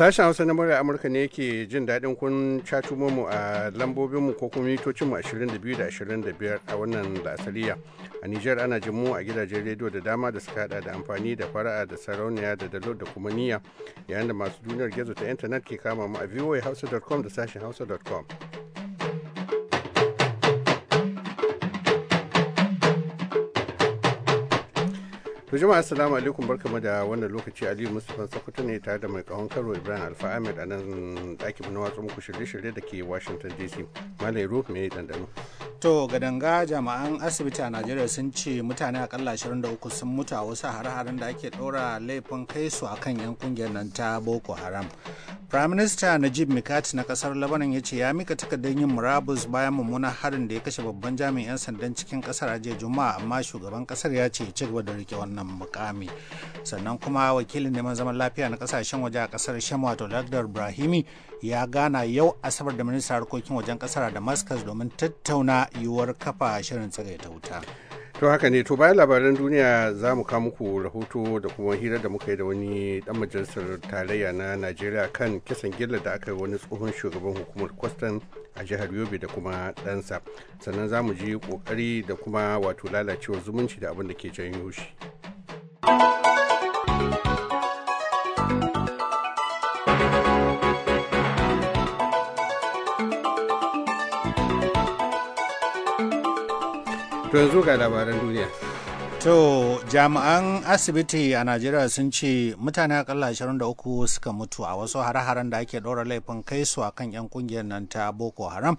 Sashen Hausa na murya Amurka ne ke jin daɗin kun catumo mu a lambobinmu ko kuma mitocinmu 22 da 25 a wannan asaliya A Nijar ana jin mu a gidajen rediyo da dama da suka hada da amfani da fara'a da sarauniya da dalo da kuma niyya yayin da masu duniyar gizo ta intanet ke kama mu a voahausa.com da sashen hausa.com. To jama'a assalamu alaikum barkamu da wannan lokaci Aliyu Mustapha Sokoto ne tare da mai kahon karo Ibrahim Alfa Ahmed a nan ɗakin na watsa muku shirye-shirye da ke Washington DC. Malai Ruf me dandano. To gadanga jama'an asibiti a Najeriya sun ce mutane akalla 23 sun mutu a wasu hare-haren da ake ɗora laifin kai su akan yan kungiyar nan ta Boko Haram. Prime Minister Najib Mikati na kasar Lebanon ya ce ya mika takardar yin murabus bayan mummunan harin da ya kashe babban jami'in sandan cikin kasar a jiya Juma'a amma shugaban kasar ya ce ya ci gaba da rike wannan mukami. Sannan kuma wakilin neman zaman lafiya na kasashen waje a kasar Sham wato Dr. ibrahimi ya gana yau Asabar da ministan harkokin wajen kasar a Damascus domin tattauna yiwuwar kafa shirin tsagaita wuta. to haka ne to bayan labaran duniya za mu kawo muku rahoto da kuma hira da muka yi da wani dan majalisar tarayya na najeriya kan kisan gilla da aka yi wani tsohon shugaban hukumar kwastan a jihar yobe da kuma ɗansa sannan za mu ji kokari da kuma wato lalacewar zumunci da abin da ke janyo shi. To yanzu ga labaran duniya. To jami'an asibiti a Najeriya sun ce mutane akalla 23 suka mutu a wasu hare-haren da ake ɗora laifin kai su akan 'yan kungiyar nan ta Boko Haram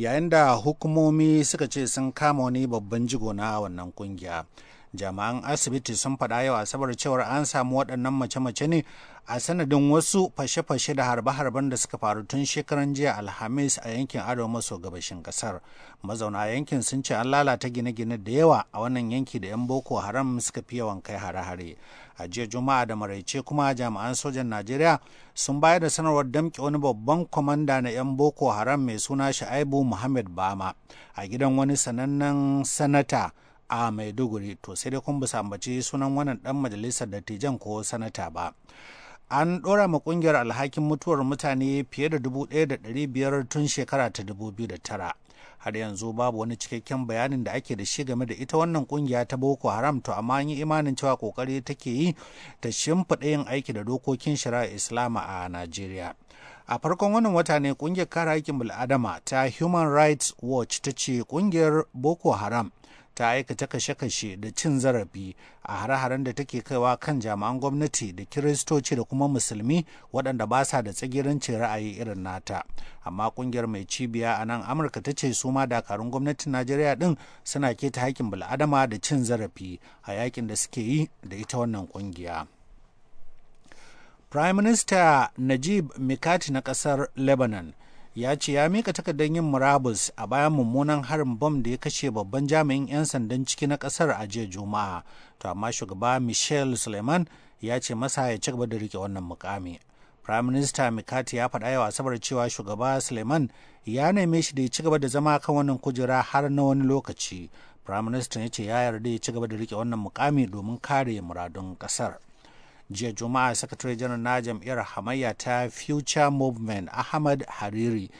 yayin da hukumomi suka ce sun kama wani babban jigo na wannan kungiya. jami'an asibiti sun faɗa yau asabar cewar an samu waɗannan mace-mace ne a sanadin wasu fashe-fashe da harbe-harben da suka faru tun shekaran jiya alhamis a yankin arewa maso gabashin kasar mazauna yankin sun ce an lalata gine-gine da yawa a wannan yanki da 'yan boko haram suka fi yawan kai hare-hare a jiya juma'a da maraice kuma jami'an sojan najeriya sun bayar da sanarwar damƙe wani babban kwamanda na 'yan boko haram mai suna sha'ibu muhammad bama a gidan wani sanannen sanata a maiduguri to sai dai kun bisa ambaci sunan wannan dan majalisar dattijan ko sanata ba an ɗora ma ƙungiyar alhakin mutuwar mutane fiye da biyar tun shekara ta 2009 har yanzu babu wani cikakken bayanin da ake da shi game da ita wannan kungiya ta boko haram to amma an yi imanin cewa kokari take yi ta shimfiɗa yin aiki da dokokin shari'a islama a najeriya a farkon wannan wata ne kungiyar kare haƙƙin bil'adama ta human rights watch ta ce kungiyar boko haram ta aikata kashe-kashe da cin zarafi a hare-haren da take kaiwa kan jami'an gwamnati da kiristoci da kuma musulmi waɗanda ba sa da tsagirancin ra'ayi irin nata amma kungiyar mai cibiya a nan amurka ta ce su ma dakarun gwamnatin najeriya ɗin suna keta haƙƙin bil'adama da cin zarafi a yakin da suke yi da ita wannan kungiya. Prime Minister Najib Mikati na ƙasar Lebanon ya ce ya mika takardar yin murabus a bayan mummunan harin bom da ya kashe babban jami'in 'yan sandan ciki na kasar a jiya juma'a to amma shugaba michel suleiman ya ce masa ya ci gaba da rike wannan mukami prime minister mikati ya faɗa yawa asabar cewa shugaba suleiman ya neme shi da ya ci gaba da zama kan wannan kujera har na wani lokaci prime minister ya ce ya yarda ya ci gaba da rike wannan mukami domin kare muradun kasar jiya juma'a sakatare janar na jam'iyyar hamayya ta future movement ahmad hariri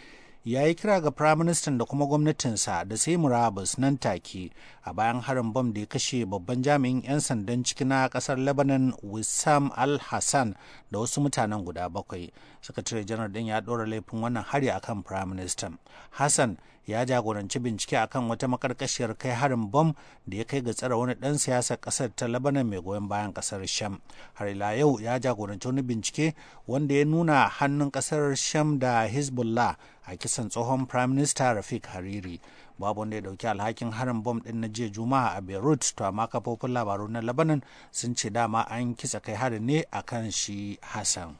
ya yi kira ga firaministan da kuma gwamnatinsa da sai murabus nan take a bayan harin bom da ya kashe babban jami'in 'yan sandan ciki na kasar lebanon wissam al-hassan da wasu mutanen guda bakwai sakatare janar din ya ɗora laifin wannan hari akan firaministan hassan ya jagoranci bincike akan wata makarkashiyar kai harin bom da ya kai ga tsara wani dan siyasar kasar ta labanan mai goyon bayan kasar sham har ila yau ya jagoranci wani bincike wanda ya nuna hannun kasar sham da hezbollah a kisan tsohon prime minister rafik hariri babu wanda ya dauki alhakin harin bom din na jiya juma'a a beirut to amma kafofin labaru na labanan sun ce dama an kisa kai harin ne akan shi hassan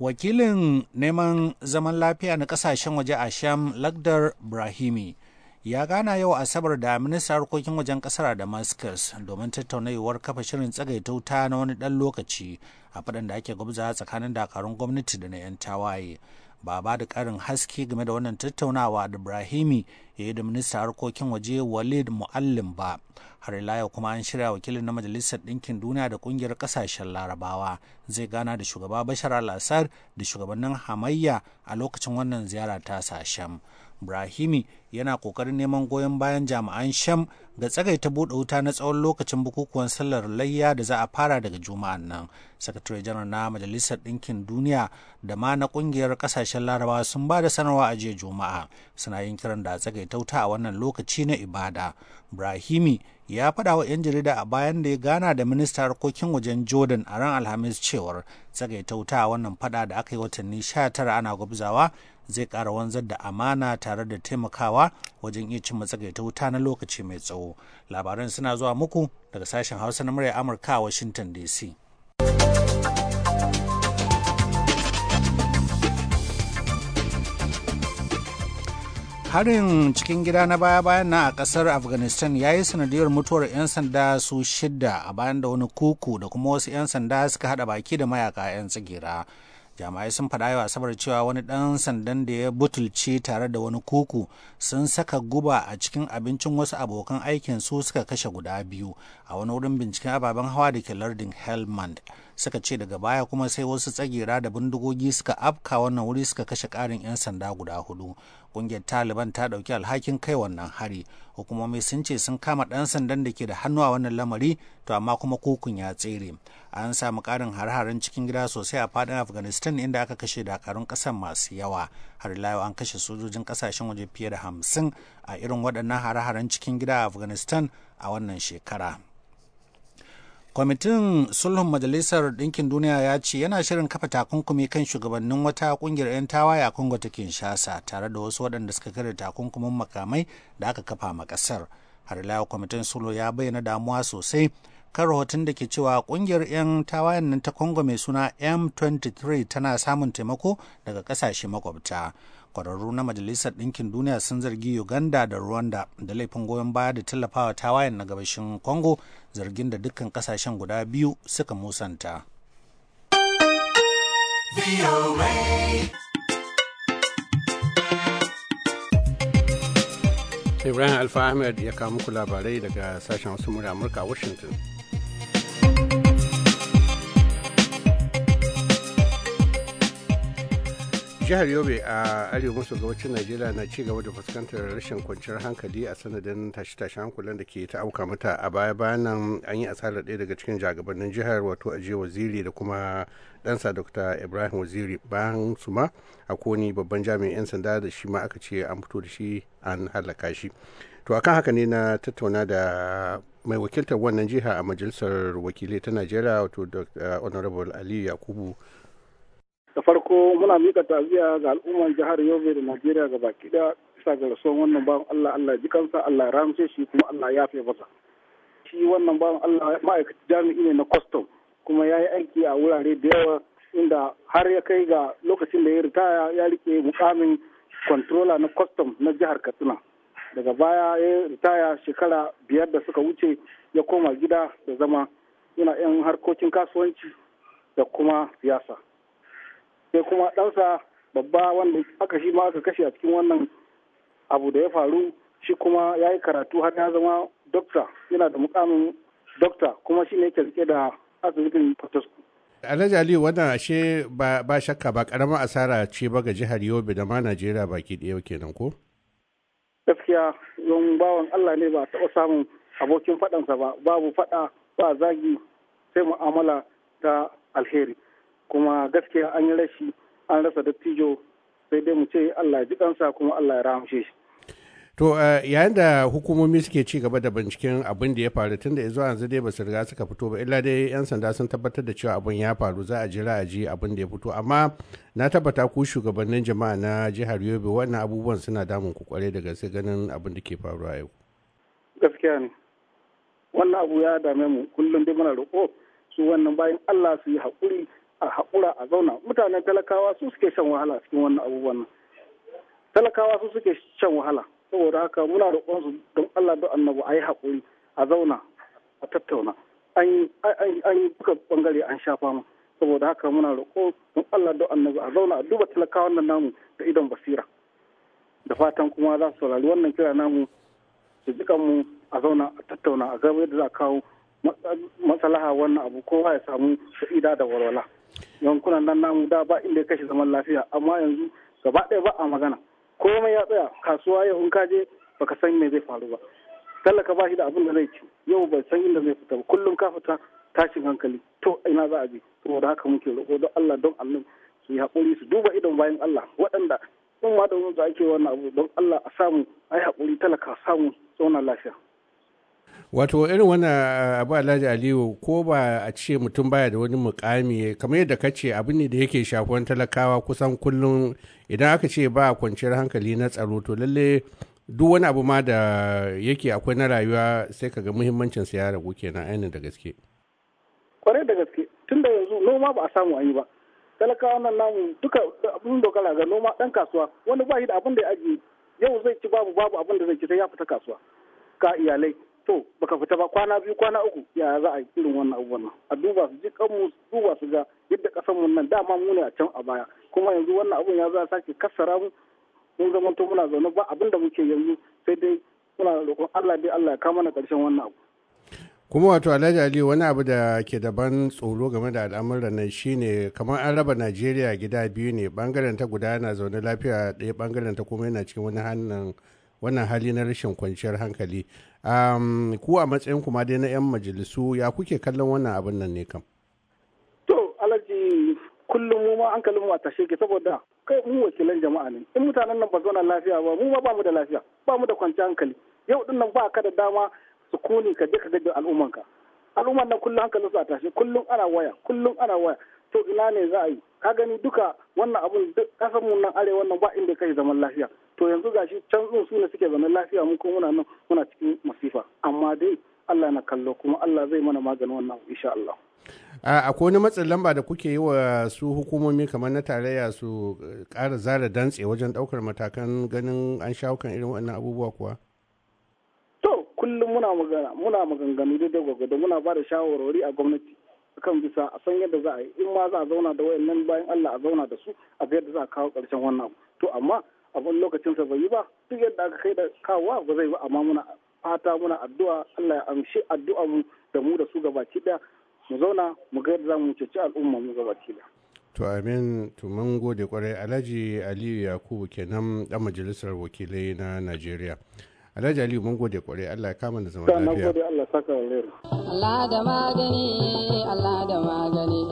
wakilin neman zaman lafiya na kasashen waje a sham lagdar brahimi ya gana yau asabar da ministan harkokin wajen kasar damascus domin tattaunawar kafa shirin tsagaita wuta na wani ɗan lokaci a faɗin da ake gwabza tsakanin dakarun gwamnati da na 'yan tawaye ba ba da karin haske game da wannan tattaunawa da Ibrahimi ya yi da ministan harkokin waje Walid Muallim ba. Har ila yau kuma an shirya wakilin na Majalisar Ɗinkin Duniya da Ƙungiyar Ƙasashen Larabawa zai gana da shugaba Bashar al-Assad da shugabannin hamayya a lokacin wannan ziyara ta sashen. Brahimi yana kokarin neman goyon bayan jami'an Sham ga tsagaita buɗe wuta na tsawon lokacin bukukuwan sallar layya da za a fara daga juma'an nan. Sakatare janar na Majalisar Ɗinkin Duniya da ma na ƙungiyar ƙasashen Larabawa sun ba da sanarwa a jiya Juma'a suna yin kiran da a tsagaita wuta a wannan lokaci na ibada. Brahimi ya faɗa wa 'yan jarida a bayan da ya gana da minista harkokin wajen jordan a ran alhamis cewar tsagaita wuta a wannan faɗa da aka yi watanni 19 ana gwabzawa zai ƙara wanzar da amana tare da taimakawa wajen iya cimma tsagaita wuta na lokaci mai tsawo labaran suna zuwa muku daga sashen hausa na murya amurka a washington dc harin cikin gida na baya-bayan na a kasar afghanistan ya yi sanadiyar mutuwar 'yan sanda su shidda a bayan da wani kuku da kuma wasu 'yan sanda suka hada baki da mayaka 'yan tsigira jama'ai sun faɗa yau asabar cewa wani ɗan sandan da ya butulce tare da wani kuku sun saka guba a cikin abincin wasu abokan aikin su suka kashe guda biyu a wani wurin binciken ababen hawa da ke lardin helmand suka ce daga baya kuma sai wasu tsagera da bindigogi suka afka wannan wuri suka kashe karin 'yan sanda guda hudu kungiyar taliban ta dauki alhakin kai wannan hari hukumomi sun ce sun kama dan sandan da ke da hannu a wannan lamari to amma kuma kukun ya tsere an samu karin har-haren cikin gida sosai a fadin afghanistan inda aka kashe dakarun kasan masu yawa har layo an kashe sojojin kasashen waje fiye da hamsin a irin waɗannan har-haren cikin gida a afghanistan a wannan shekara kwamitin sulhun majalisar ɗinkin duniya ya ce yana shirin kafa takunkumi kan shugabannin wata kungiyar 'yan tawaye a Kongo ta kinshasa tare da wasu waɗanda suka kare takunkumin makamai da aka kafa ma ƙasar har ila kwamitin sulhu ya bayyana damuwa sosai kan rahoton da ke cewa kungiyar 'yan tawayen nan ta Kongo mai suna m23 tana samun taimako daga ƙasashe makwabta kwararru na majalisar ɗinkin duniya sun zargi uganda da rwanda da laifin goyon baya da tallafawa tawayen na gabashin congo zargin da dukkan kasashen guda biyu suka musanta ibrahim alfa ahmed ya kawo muku labarai daga sashen wasu murya amurka a washington jihar yobe a arewa maso gabacin najeriya na ci gaba da fuskantar rashin kwanciyar hankali a sanadin tashe-tashen hankulan da ke ta auka mata a baya bayanan an yi asarar ɗaya daga cikin jagabannin jihar wato aje waziri da kuma ɗansa dr ibrahim waziri bayan su ma a koni babban jami'in 'yan sanda da shi ma aka ce an fito da shi an halaka shi to akan haka ne na tattauna da mai wakiltar wannan jiha a majalisar wakilai ta najeriya wato honorable aliyu yakubu da farko muna mika taziya ga al'ummar jihar yobe da najeriya ga baki daya bisa ga rasuwan wannan bawan allah allah ji kansa allah ramse shi kuma allah ya fi masa shi wannan bawan allah ma'aikaci jami'i ne na kwastom kuma ya yi aiki a wurare da yawa inda har ya kai ga lokacin da ya ritaya ya rike mukamin kontrola na kwastom na jihar katsina daga baya ya ritaya shekara biyar da suka wuce ya koma gida da zama yana 'yan harkokin kasuwanci da kuma siyasa sai kuma ɗansa babba wanda aka shi ma aka kashe a cikin wannan abu da ya faru shi kuma ya yi karatu har ya zama dokta yana da mukamin dokta kuma shi ne yake rike da asibitin fatasku Alhaji Aliyu wannan ashe ba shakka ba karamar asara ce ba ga jihar Yobe da ma Najeriya baki ɗaya kenan ko? Gaskiya don bawan Allah ne ba taɓa samun abokin faɗansa ba babu faɗa ba zagi sai mu'amala ta alheri. kuma gaskiya an yi rashi an rasa dattijo sai dai mu ce Allah ji kansa kuma Allah ya rahamshe shi to eh, yayin da hukumomi suke ci gaba da binciken abin da ya faru tunda yanzu yanzu dai basu su riga suka fito ba illa dai yan sanda sun tabbatar da cewa abin ya faru za a jira a ji abin da ya fito amma na tabbata ku shugabannin jama'a na jihar Yobe wannan abubuwan suna damun ku kware da gaske ganin abin da ke faruwa yau gaskiya ne wannan abu ya dame mu kullum dai muna roƙo su wannan bayan Allah su yi haƙuri a haƙura a zauna mutanen talakawa su suke shan wahala cikin wannan abubuwan talakawa su suke shan wahala saboda haka muna da ƙwansu don Allah don annabu a yi haƙuri a zauna a tattauna an yi duka bangare an sha fama saboda haka muna roƙo don Allah don annabu a zauna a duba talakawan nan namu da idon basira da fatan kuma za su saurari wannan kira namu su jika mu a zauna a tattauna a gaba yadda za a kawo masalaha wannan abu kowa ya samu sha'ida da walwala. yankunan nan namu da ba inda ya kashe zaman lafiya amma yanzu gaba ɗaya ba a magana komai ya tsaya kasuwa ya in ka je baka san me zai faru ba tallaka ba shi da abin da zai ci yau bai san inda zai fita ba kullum ka fita tashin hankali to ina za a je saboda haka muke roƙo don Allah don Allah su yi haƙuri su duba idon bayan Allah waɗanda sun ma da ake wannan abu don Allah a samu ai haƙuri talaka samu zauna lafiya wato irin wannan eh, abu alhaji aliyu ko ba a ce mutum baya da wani mukami kamar yadda ka ce abin ne da yake shafuwan talakawa kusan kullum idan aka ce ba a kwanciyar hankali na tsaro to lalle duk wani abu ma da yake akwai na rayuwa sai ka ga muhimmancin sa ya ragu kenan ainihin da gaske kwarai da gaske tun da yanzu noma ba a samu an yi ba talakawa nan namu duka abin dogara ga noma dan kasuwa wani ba shi da abin da ya ajiye yau zai ci babu babu abin da zai ci sai ya fita kasuwa ka iyalai to baka fita ba kwana biyu kwana uku ya za a yi irin wannan abubuwan nan a duba su ji kanmu duba su ga yadda kasar mu nan dama mu ne a can a baya kuma yanzu wannan abun ya za sake kassara mu mun zama to muna zaune ba abin da muke yanzu sai dai muna roƙon Allah dai Allah ya kama mana ƙarshen wannan abu kuma wato alhaji ali wani abu da ke daban tsoro game da al'amuran nan shine kamar an raba najeriya gida biyu ne bangaren ta guda yana zaune lafiya ɗaya bangaren ta kuma yana cikin wani hannun wannan hali na rashin kwanciyar hankali um, ku a matsayin kuma dai na 'yan majalisu ya kuke kallon wannan abin nan ne kam to alaji kullum mu ma an kalli mu a tashe ke saboda kai mu wakilan jama'a ne in mutanen nan ba zauna lafiya ba mu ma ba mu da lafiya ba mu da kwanciyar hankali yau din nan ba ka da dama su kuni ka je ka ga al'ummanka al'umman nan kullum hankalin su a tashe kullum ana waya kullum ana waya to ina ne za a yi ka gani duka wannan abun duk mu nan arewa nan ba inda kai zaman lafiya to yanzu gashi can zuwa su ne suke zaune lafiya mu kuma muna nan muna cikin masifa amma dai Allah na kallo kuma Allah zai mana magani wannan insha Allah a akwai wani matsin lamba da kuke yi wa su hukumomi kamar na tarayya su eh, ƙara zara dantse wajen ɗaukar matakan ganin an shawo kan irin wannan abubuwa kuwa to kullum muna magana muna maganganu da gwagwado muna ba da shawarwari a gwamnati kan bisa a san yadda za a yi in ma za a zauna da wayannan bayan Allah a zauna da su a ga yadda za a kawo ƙarshen wannan to amma wani lokacin sa bai yi ba duk yadda aka kai da kawa ba zai ba amma muna fata muna addu'a Allah ya amshi addu'a mu da mu da su gabaki daya mu zauna mu ga yadda zamu cece al'umma mu gabaki daya to amin to mun gode kwarai alhaji aliyu yakubu kenan dan majalisar wakilai na najeriya alhaji aliyu mun gode kwarai allah ya kama da zaman lafiya na gode allah saka alheri allah da magani allah da magani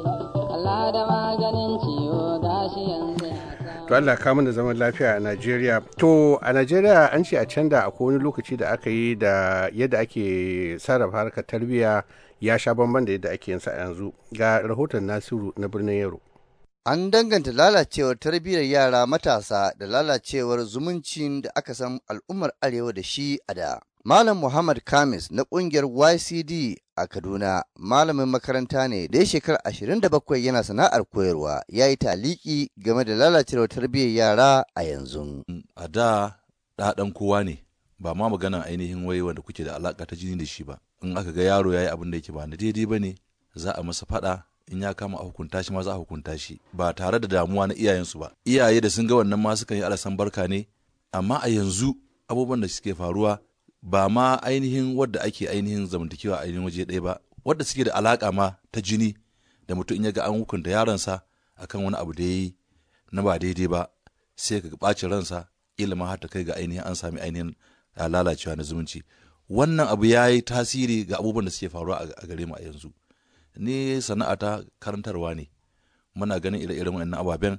allah da maganin ciwo gashi yanzu to Allah ka mana zaman lafiya a Najeriya to a Najeriya an ce a can da akwai wani lokaci da aka yi da yadda ake sarrafa harkar tarbiyya ya sha bamban da yadda ake yin sa yanzu ga rahoton Nasiru na birnin Yaro An danganta lalacewar tarbiyyar yara matasa da lalacewar zumuncin da aka san al'ummar Arewa da shi a da. Malam Muhammad Kamis na ƙungiyar YCD a Kaduna, malamin makaranta ne da ya shekar 27 yana sana'ar koyarwa, ya yi taliki game da lalacewar tarbiyyar yara a yanzu. A da ɗaɗan kowa ne, ba ma magana ainihin wai wanda kuke da alaƙa ta jini da shi ba. In aka ga yaro ya yi abin da yake ba na daidai ba ne, za a masa faɗa in ya kama a hukunta shi ma za a hukunta shi ba tare da damuwa na iyayensu ba iyaye da sun ga wannan ma sukan yi alasan barka ne amma a yanzu abubuwan da suke faruwa ba ma ainihin wadda ake ainihin zamantakewa ainihin waje ɗaya ba wadda suke da alaka ma ta jini da mutum in ya ga an hukunta yaransa akan wani abu da ya yi na ba daidai ba sai ka ɓacin ransa ilimin har ta kai ga ainihin an sami ainihin lalacewa na zumunci wannan abu ya yi tasiri ga abubuwan da suke faruwa a gare mu a yanzu ni sana'a ta karantarwa ne muna ganin ire-iren wannan ababen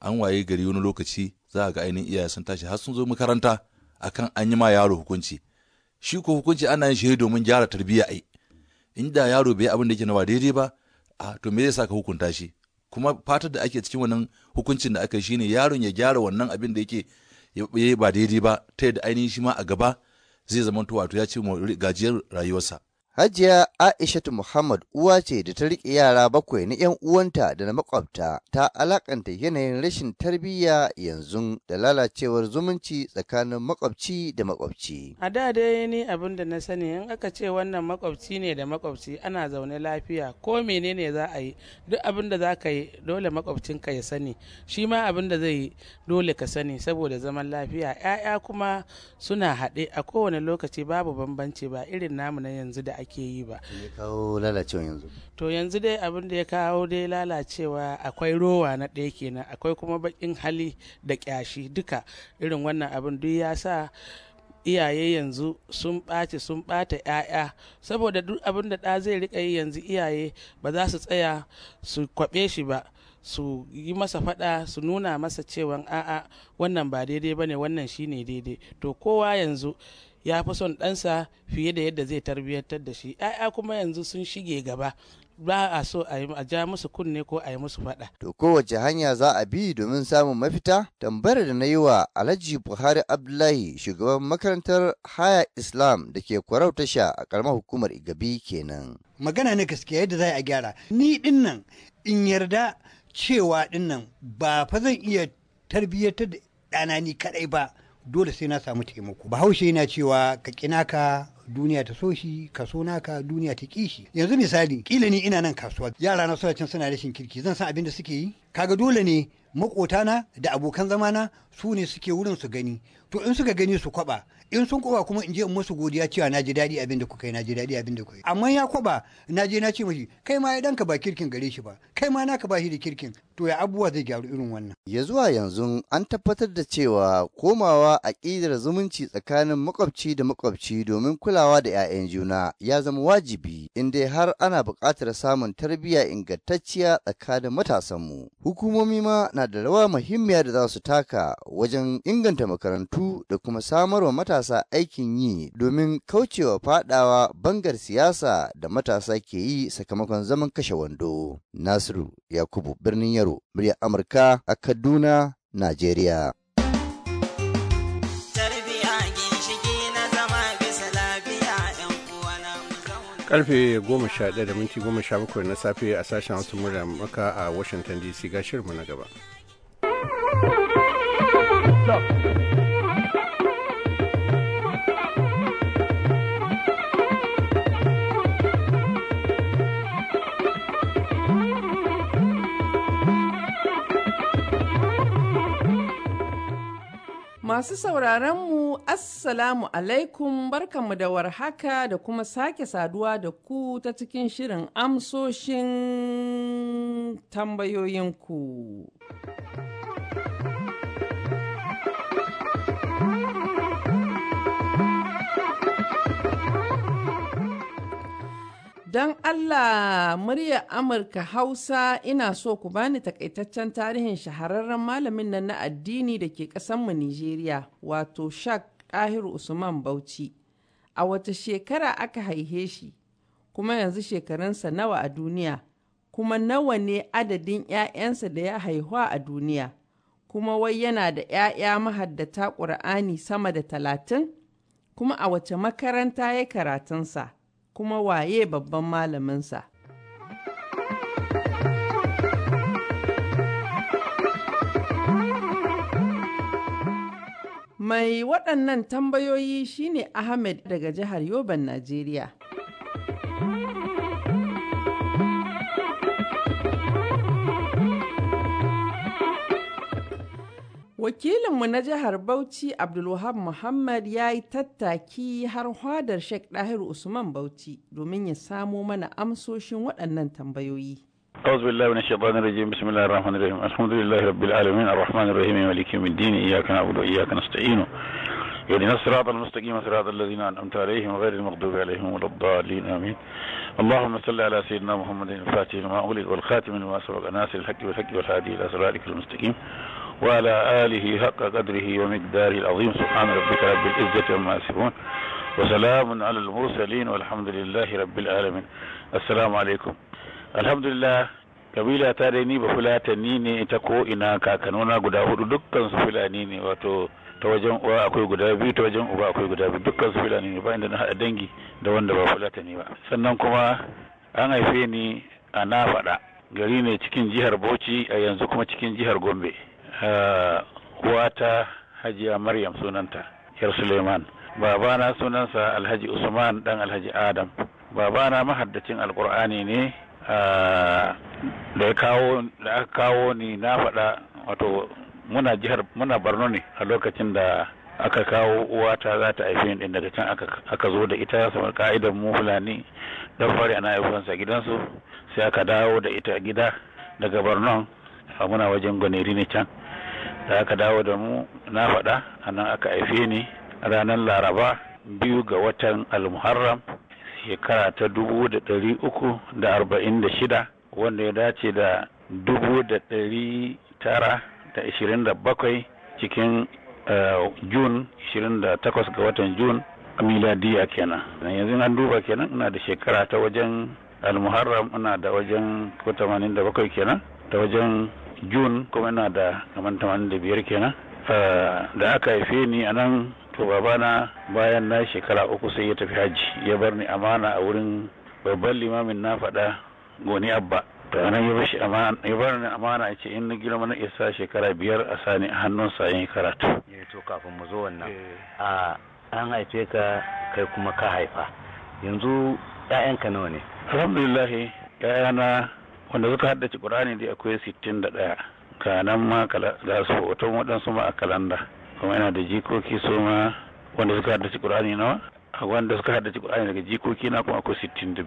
an waye gari wani lokaci za a ga ainihin iyaye sun tashi har sun zo makaranta akan an yi ma yaro hukunci shi ko hukunci ana yin shi domin gyara tarbiyya ai inda yaro bai abin da yake nawa daidai ba a to me zai sa ka hukunta shi kuma fatar da ake cikin wannan hukuncin da aka yi shine yaron ya gyara wannan abin da yake ba daidai ba ta yadda ainihin shi ma a gaba zai zama wato ya ce gajiyar rayuwarsa Hajiya Aishatu Muhammad uwa ce da ta riƙe yara bakwai na 'yan uwanta da na makwabta ta alakanta yanayin rashin tarbiyya yanzu da lalacewar zumunci tsakanin makwabci da makwabci. A da dai ni abin da na sani in aka ce wannan makwabci ne da makwabci ana zaune lafiya ko menene za a yi duk abin da za ka yi dole maƙwabcinka ya sani shi ma abin da zai yi dole ka sani saboda zaman lafiya 'ya'ya kuma suna haɗe a kowane lokaci babu bambanci ba irin namu na yanzu da ake ake yi ba me kawo lalacewa yanzu to yanzu dai abin da ya kawo dai lalacewa akwai rowa na ɗaya kenan akwai kuma bakin hali da ƙyashi duka irin wannan abin duk ya sa iyaye yanzu sun ɓace sun ɓata 'ya'ya saboda duk abin da ɗa zai riƙa yi yanzu iyaye ba za su tsaya su kwaɓe shi ba su yi masa faɗa su nuna masa cewa a'a wannan ba daidai ba ne wannan shine daidai to kowa yanzu ya fi son ɗansa fiye da yadda zai tarbiyyantar da shi ‘ya'ya kuma yanzu sun shige gaba ba a so a ja musu kunne ko a yi musu faɗa. To kowace hanya za a bi domin samun mafita? Tambayar da na yi wa Alhaji Buhari Abdullahi shugaban makarantar Haya Islam da ke kwarau tasha a karamar hukumar Igabi kenan. Magana ne gaskiya yadda za a gyara. Ni din nan in yarda cewa din nan ba fa zan iya tarbiyyar da ɗana ni kaɗai ba. dole sai na samu taimako bahaushe yana cewa ka kinaka duniya ta so shi ka so naka duniya ta ki shi yanzu misali kila ni ina nan kasuwa yara na suna can suna rashin kirki zan san abin da suke yi kaga dole ne makotana da abokan zamana su ne suke wurin su gani to in suka gani su kwaba in sun koba kuma in je in musu godiya cewa na ji daɗi abin da kuka yi na ji daɗi abin da kuka yi amma ya kwaba na je na ce mashi kai ma ɗanka ba kirkin gare shi ba kai ma naka ba shi da kirkin to ya abubuwa zai gyaru irin wannan. ya zuwa yanzu an tabbatar da cewa komawa a aƙidar zumunci tsakanin makwabci da makwabci domin kulawa da 'ya'yan juna ya zama wajibi in dai har ana buƙatar samun tarbiyya ingantacciya tsakanin matasanmu hukumomi ma na da rawa muhimmiya da za su taka wajen inganta makarantu da kuma samarwa matasa matasa aikin yi domin kaucewa fadawa bangar siyasa da matasa ke yi sakamakon zaman kashe wando. Nasiru Yakubu Birnin Yaro, muryar Amurka a Kaduna, Najeriya. karfe goma ɗaya da minti goma sha bakwai na safe a sashen wasu murya maka a washington dc ga na gaba Masu mu Assalamu alaikum barkanmu da warhaka da kuma sake saduwa da ku ta cikin shirin amsoshin tambayoyinku. Don Allah murya Amurka Hausa ina so ku bani takaitaccen tarihin shahararren malamin nan na addini da ke mu Nijeriya, wato Shak ƙahiru Usman Bauchi. A wata shekara aka haihe shi, kuma yanzu shekarunsa nawa a duniya, kuma nawa ne adadin 'ya'yansa da ya haihuwa a duniya, kuma wai yana da 'ya'ya mahaddata ƙur'ani sama da talatin, kuma a wace makaranta ya karatunsa. kuma waye babban malaminsa. Mai waɗannan tambayoyi shine Ahmed daga jihar Yoban, Najeriya. mu na jihar Bauchi Abdulwahab Muhammad ya yi tattaki har hadar Sheikh Dahir Usman Bauchi domin ya samo mana amsoshin waɗannan tambayoyi. أعوذ بالله من الشيطان الرجيم بسم الله الرحمن الرحيم الحمد لله رب العالمين الرحمن الرحيم مالك يوم الدين إياك نعبد وإياك نستعين اهدنا الصراط المستقيم صراط الذين أنعمت عليهم غير المغضوب عليهم ولا الضالين آمين اللهم صل على سيدنا محمد الفاتح لما أغلق والخاتم لما سبق ناصر الحق والحق والهادي إلى صراطك المستقيم وعلى آله حق قدره ومقدار العظيم سبحان ربك رب العزة وما يصفون وسلام على المرسلين والحمد لله رب العالمين السلام عليكم الحمد لله قبيلة تاريني بفلا تنيني تكو إنا كاكنونا قداه دكا سفلا نيني وتو توجن وا أكوي قداه بي توجن وا أكوي قداه بي دكا سفلا نيني فإن دنها أدنجي دوان دبا فلا تنيني سننكما أنا فيني أنا فلا غريني تكين جيهر بوشي أيان زكما تكين جيهر قنبي Eh, uwata hajiya maryam sunanta yar suleiman babana sunansa alhaji usman dan alhaji adam babana mahaddacin alkur'ani ne eh, da aka kawo ni na faɗa wato muna jihar muna barno ne a lokacin da aka kawo uwata za ta haife ni daga can aka zo da ita saboda ka'idar mu fulani don fari ana haifuwansa gidansu sai aka dawo da ita gida daga a muna wajen gwaneri ne can da aka dawo da mu na faɗa a nan aka haife ni ranar laraba biyu ga watan almuharram shekara ta dubu da ɗari uku da arba'in da shida wanda ya dace da dubu da ɗari tara da ishirin da bakwai cikin eh, jun ishirin da takwas ga watan jun miladiya kenan yanzu an duba kenan ina da shekara ta wajen almuharram ina da wajen ko tamanin da bakwai kenan ta wajen Jun kuma ina da kamar tamanin da biyar kenan ah, da aka haife ni a nan to babana bayan na shekara uku sai ya tafi hajji ya bar ni amana a wurin babban limamin na faɗa goni abba to anan ya amana ya bar ni amana ce in na girma na isa shekara biyar a sani a hannun sa yin karatu eh, to kafin mu zo wannan eh. a ah, an haife ka kai kuma ka haifa yanzu ƴaƴanka nawa ne alhamdulillah ƴaƴana wanda suka haddace ƙur'ani dai akwai sittin da ɗaya ga nan ma ga su hoton waɗansu ma a kalanda kuma yana da jikoki su ma wanda suka haddace ƙur'ani nawa a wanda suka haddace ƙur'ani daga jikoki na kuma akwai sittin da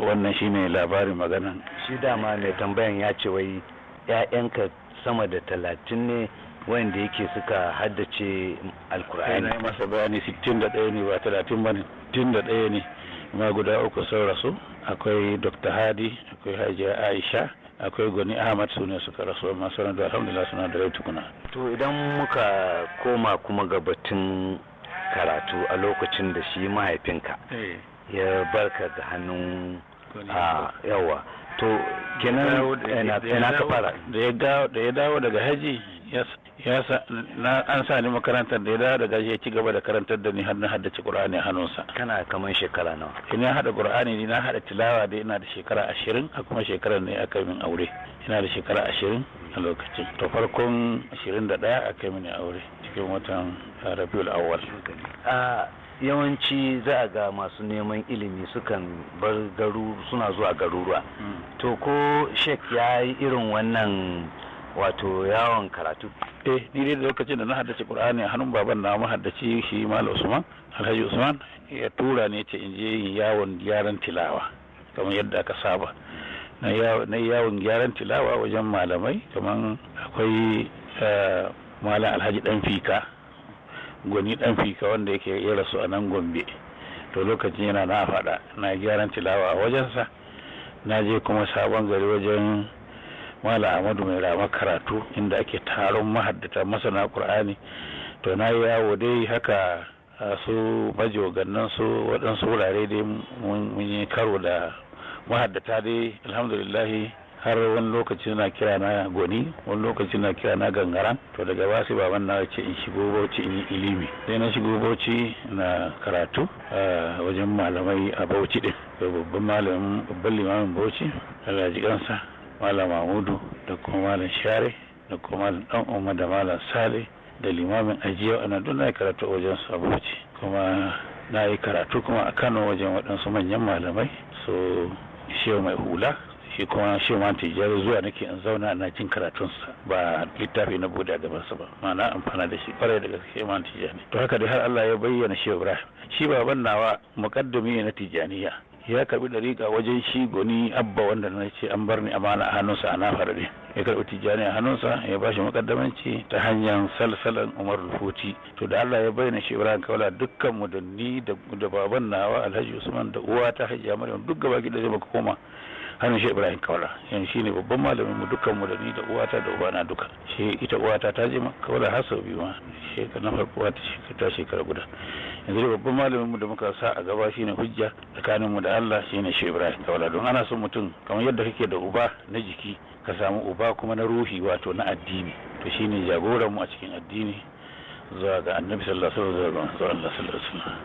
wannan shine labarin maganan shi dama ne tambayan ya ce wai ƴaƴanka sama da talatin ne wanda yake suka haddace alkur'ani ne masa bayani sittin da ɗaya ne ba talatin ba ne sittin da ɗaya ne kuma guda uku sun rasu akwai dr hadi akwai hajiya aisha akwai goni ahmad su ne suka rasu amma sauran da alhamdulillah suna da rai tukuna to idan muka koma kuma ga batun karatu a lokacin da shi mahaifinka eh. ya barka da hannun ah, yawa to kenan da ya dawo daga haji ya na an sa ni makarantar da ya dawo daga ya ci gaba da karantar da ni har na haddace Qur'ani a hannunsa kana kaman shekara nawa ina hada Qur'ani ni na hada tilawa da ina da shekara ashirin a kuma shekarar ne aka min aure ina da shekara ashirin a lokacin to farkon ashirin da ɗaya aka min aure cikin watan Rabiul Awwal yawanci za a ga masu neman ilimi sukan bar garu suna zuwa garuruwa hmm. to ko shek ya yi irin wannan wato yawon karatu eh ni dai lokacin da na haddace qur'ani hannun baban na mahaddaci shi malam usman alhaji usman ya tura ne ce in je yin yawon gyaran tilawa kamar yadda aka saba na yawon gyaran tilawa wajen malamai kamar akwai eh, malam alhaji dan fika gwani dan fika wanda yake ya rasu a nan gombe to lokacin yana na faɗa na gyaran tilawa a wajensa na je kuma sabon gari wajen mala ahmadu mai rama karatu inda ake taron mahaddata masana kur'ani to na yi yawo dai haka su majo ganin su waɗansu wurare dai mun yi karo da mahaddata dai alhamdulillahi har wani lokaci na kira na goni wani lokaci na kira na gangaran to daga su baban na ce in shigo bauchi in yi ilimi sai na shigo bauchi na karatu a wajen malamai a bauchi din babban malamin babban limamin bauchi alhaji kansa malam mahmudu da kuma malam share da kuma malam dan umma da malam sale da limamin ajiya ana duk na karatu wajen su abuci kuma na yi karatu kuma a kano wajen waɗansu manyan malamai so shehu mai hula shi kuma shi ma tijjar zuwa nake in zauna na jin karatunsa ba littafi na bude a sa ba ma'ana amfana da shi kwarai da gaske ma tijjani to haka dai har Allah ya bayyana shi Ibrahim shi baban nawa muqaddimi na tijjaniya ya karbi dariƙa wajen shi goni abba wanda na ce an bar ni amana a hannunsa a na faraɗe ya karbi tijjani a hannunsa ya ba shi makaddamanci ta hanyar salsalan umar rufuti to da allah ya bayyana shi ibrahim kawala dukkan mu da ni da baban nawa alhaji usman da uwa ta hajiya maryam duk gaba gida zai ka koma hannun shi ibrahim kaula yan shi ne babban malamin mu dukkan mu da ni da uwata da ubana duka shi ita uwata ta je kaula har sau biyu ma shekara na farko ta shekara guda yanzu da babban malamin mu da muka sa a gaba shine hujja tsakanin mu da Allah shine shi ibrahim kaula don ana son mutum kamar yadda kake da uba na jiki ka samu uba kuma na ruhi wato na addini to shine jagoran mu a cikin addini zuwa ga annabi sallallahu alaihi wasallam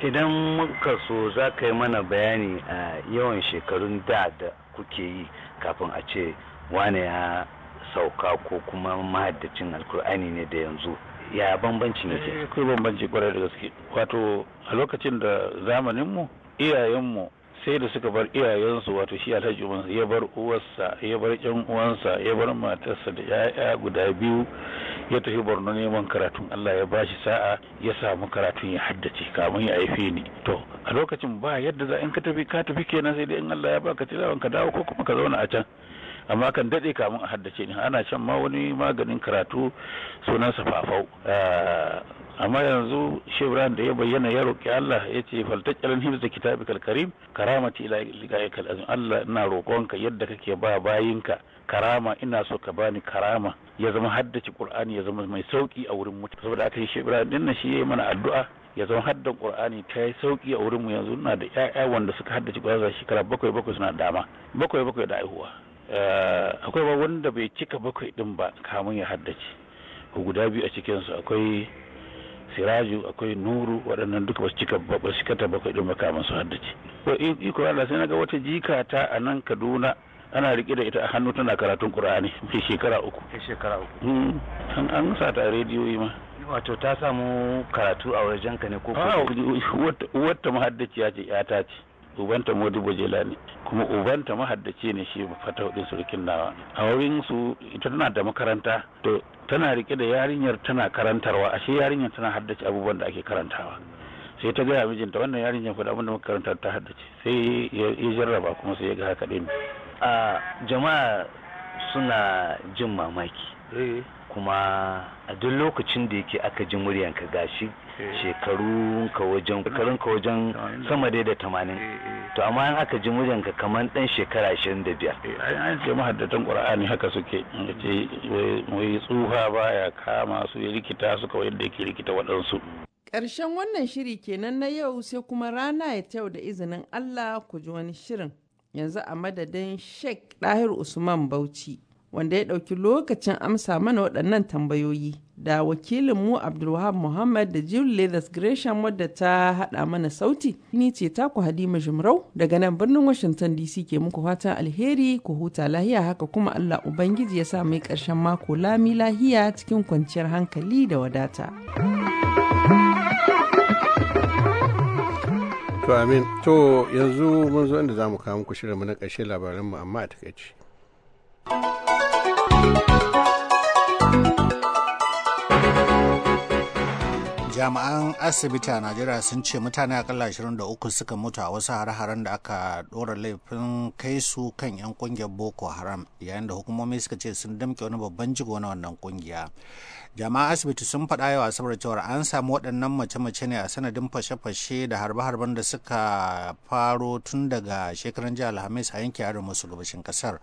idan muka so za ka yi mana bayani a yawan shekarun da da kuke yi kafin a ce wane ya sauka ko kuma mahaddacin alkur'ani ne da yanzu ya bambanci ne ke eh, akwai bambanci kwarai da gaske wato a lokacin da zamaninmu iyayenmu sai da suka bar iyayensu wato shi alhaji umar ya bar uwarsa ya bar yan uwansa ya bar matarsa da ya'ya guda biyu ya tafi borno neman karatun allah ya bashi sa'a ya samu karatun ya haddace kamun ya haife ni to a lokacin ba yadda za in ka tafi ka tafi kenan sai dai in allah ya baka tilawan ka dawo ko kuma ka zauna a can amma kan daɗe kamun a haddace ni ana shan ma wani maganin karatu sunansa fafau ah, amma yanzu shebran da ya bayyana ya roƙi Allah ya ce faltaqilan da kitabikal karim karamati ila liqa'ikal azim Allah ina roƙonka yadda kake ba bayinka karama ina so ka bani karama ya zama haddace qur'ani ya zama mai sauki a wurin mutum saboda aka yi shebran din nan shi yayi mana addu'a ya zama haddan qur'ani ta yi sauki a wurin mu yanzu ina da ƴaƴa wanda suka haddace qur'ani shekara bakwai bakwai suna dama bakwai bakwai da aihuwa eh, akwai wanda bai cika bakwai din ba kamun ya haddace guda biyu a cikin su akwai siraju akwai nuru waɗannan duka ba su cika ba su cika bakwai ɗin makaman su haddace ko iko Allah sai naga wata jika ta a nan Kaduna ana rike da ita a hannu tana karatun Qur'ani mai shekara uku mai shekara uku hmm, an an sa ta a ma wato ta samu karatu a wajen ka ne ko ko ah, wata mahaddaciya ce ya ta ce ubanta modibo jelani kuma ubanta mahaddaci ne shi fatau din surukin nawa a wurin su ita tana da makaranta to tana rike da yarinyar tana karantarwa ashe yarinyar tana haddace abubuwan da ake karantawa sai ta gaya mijinta wannan yarinyar kuɗa abin da makaranta ta haddace sai ya jarraba kuma sai ya ga haka ɗin a jama'a suna jin mamaki eh. kuma a duk lokacin da yake aka ji ka gashi eh. shekarun ka wajen shekarun ka wajen eh, eh. sama dai da tamanin to amma an aka ji ka kamar dan shekara ashirin da biyar an ce mahaddatan qur'ani haka suke yace wai tsufa baya kama su ya rikita su kawai yadda yake rikita waɗansu ƙarshen wannan shiri kenan na yau sai kuma rana ya yau da izinin Allah ku ji wani shirin yanzu a madadin Sheikh Dahir Usman Bauchi wanda ya ɗauki lokacin amsa mana waɗannan tambayoyi da wakilinmu Abdulwahab Muhammad da Jill Leathers Gresham wadda ta haɗa mana sauti. Ni ce taku Halima Jumrau daga nan birnin Washington DC ke muku fatan alheri ku huta lahiya haka kuma Allah Ubangiji ya sa mai karshen mako lami lahiya cikin kwanciyar hankali da wadata. To amin. To yanzu mun zo inda za mu kawo muku mu na ƙarshe labaranmu amma a jami'an asibiti a najeriya sun ce mutane akalla 23 suka mutu a wasu har haren da aka dora laifin kai su kan 'yan kungiyar boko haram yayin da hukumomi suka ce sun damke wani babban jigo na wannan kungiya jami'an asibiti sun faɗa yawa saboda cewar an samu waɗannan mace-mace ne a sanadin fashe-fashe da harbe-harben da suka faro tun daga shekaran jiya alhamis a yanki arewa maso gabashin kasar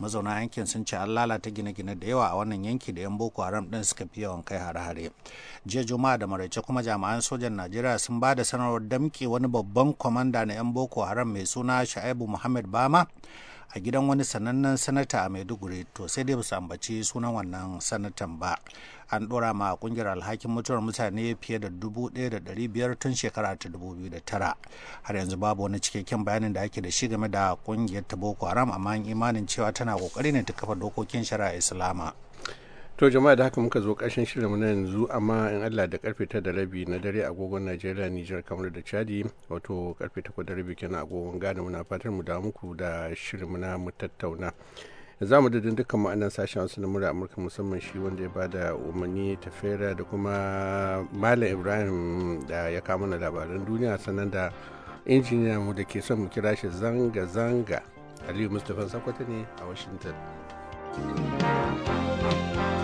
mazauna yankin sun ce an lalata gine-gine da yawa a wannan yanki da 'yan boko haram ɗin suka fi yawan kai hare-hare jiya juma'a da mara hukumance kuma jami'an sojan najeriya sun ba da sanarwar damke wani babban kwamanda na 'yan boko haram mai suna sha'ibu muhammad bama a gidan wani sanannen sanata a maiduguri to sai dai su ambaci sunan wannan sanatan ba an dora ma kungiyar alhakin mutuwar mutane fiye da da biyar tun shekara ta 2009 har yanzu babu wani cikakken bayanin da ake da shi game da kungiyar ta boko haram amma imanin cewa tana kokari ne ta kafa dokokin shari'a islama to jama'a da haka muka zo kashin shirinmu na yanzu amma in allah da karfe ta da na dare agogon najeriya nijar kamar da chadi wato karfe ta da rabi kenan agogon gane muna fatar mu da muku da shirinmu na mu tattauna za mu dadin dukkan ma'anar sashen wasu na mura amurka musamman shi wanda ya bada umarni tafera da kuma malam ibrahim da ya kama na labaran duniya sannan da injiniya mu da ke son mu kira shi zanga-zanga aliyu mustapha sakwata ne a washington thank you